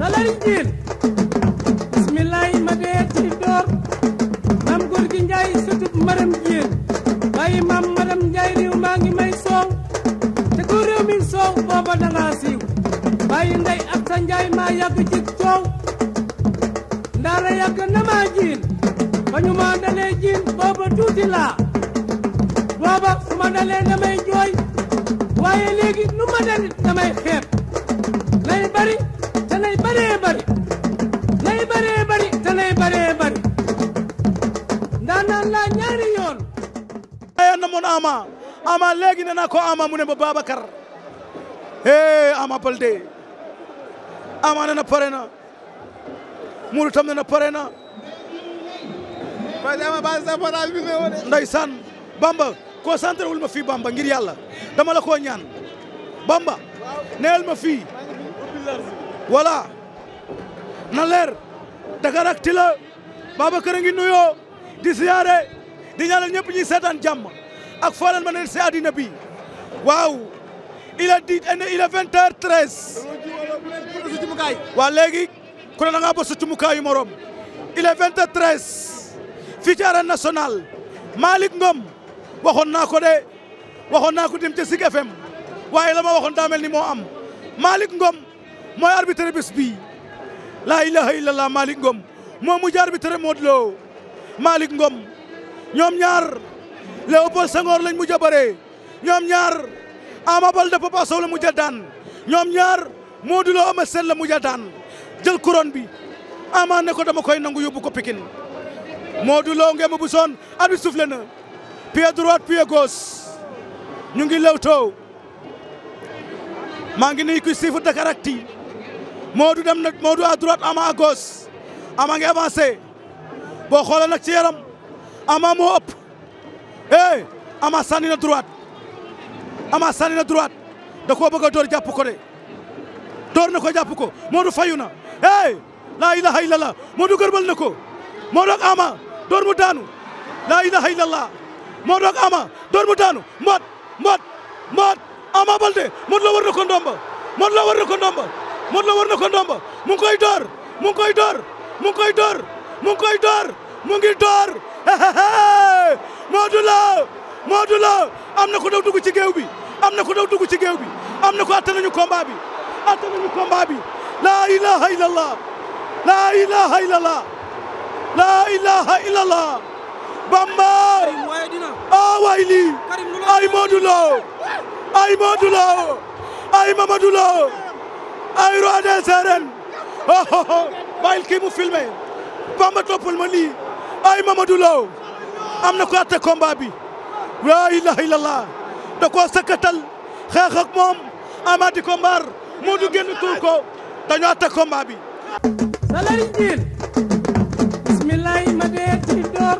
salari jiil bismillaay ma dee ci door maam góor njaay sutub maram jiil bàyyi maam maram njaay réew maa ngi may soow te ko réew mi soow booba danga siiw bàyyi ndey ak sa njaay maa yàgg ci coow ndaara yàgg na maa jiil ba ñu maa dalee booba tuuti laa booba su ma dalee damay jooy waaye léegi nu ma dalit damay xeeb amoon Ama Ama léegi nee naa ko Ama mu ne ma Babacar hey Ama Baldé Ama nee na pare na Modou tam nee na pare na. Ndeysaan Bamba concentré wul ma fii Bamba ngir yàlla dama la koo ñaan Bamba neel ma fii voilà na leer Dakar ak ti la Babacar a ngi nuyoo di siyaare di ñaanal ñëpp ñuy seetaan jàmm. ak foo leen mën si àddina bi waaw il a dit eh, il est vingt heures treize. waaw léegi ku ne da ngaa bës sa cumukaayu morom il est fii ci arène nationale Malick Ngom waxoon naa ko de waxoon naa ko dem ca Zik FM waaye la ma waxoon daa ni moo am Malick ngoom mooy arbitre bés bi laa ilaha illallah Malick Ngom moo mujj arbitre Modou Lo Malick Ngom ñoom ñaar. Léopold Senghor lañ mu jabaré ñom ñaar amabal Baldé Papa Sow la mu jadan ñom ñaar Modou Lo Eumeu Sène la mu a jël couronne bi amane ko dama koy nangu yóbbu ko Pikine Modou Lo ngeen bu son at bi na pied droit pied gauche ñu ngi lewto ma ngi ni ku siifu Dakaractu Modou dem na Modou à droite Ama à gauche Ama ngi avancer bo xolal nak ci yaram Ama mo upp eh Ama sànni na droite Ama sànni na droite da bëgg a door jàpp ko de door na ko jàpp ko Modou fayu na eh laa ilaha illallah Modou gërbal na ko Modou ak Ama door mu daanu laa ilaha illallah Modou ak Ama door mu daanu mboot mboot mboot Ama Baldé Modou Lo war na ko ndomba Modou la war na ko ndomba Modou Lo war na ko ndomba mu koy door mu ngi koy door mu ngi koy door mu koy door mu ngi door Modou Lo Modou Lo am na ko daw dugg ci géew bi am na ko daw dugg ci géew bi am na ko atta nañu combat bi atta nañu laa ilaha illallah laa ilaha illallah Bamba ah waay ay Modou Lo ay Modou Lo ay Mamadou Lo ay roi des kii mu filmé Bamba toppal ma lii ay Mamadou Lo am na ko atte combat bi laa ilaha da koo sëkkatal xeex ak moom amati ko mbaar moo du génn tuur ko dañu atte combat bi salari jiin bismillahi ma dee ci door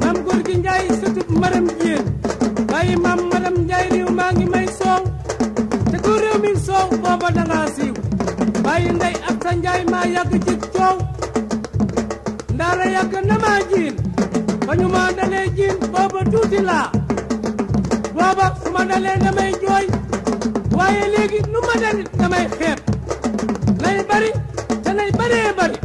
maam góor gi njaay sëtub maram jiin bàyyi maam maram njaay riw maa ngi may soow te ku mi soow booba dangaa siiw bàyyi ndey ak sa njaay maa yàgg ci coow yàgg na maa jiin ba ñu ma dalee jiin booba tuuti laa booba su ma dalee damay jooy waaye léegi nu ma dalit damay xeeb nay bari danay baree bari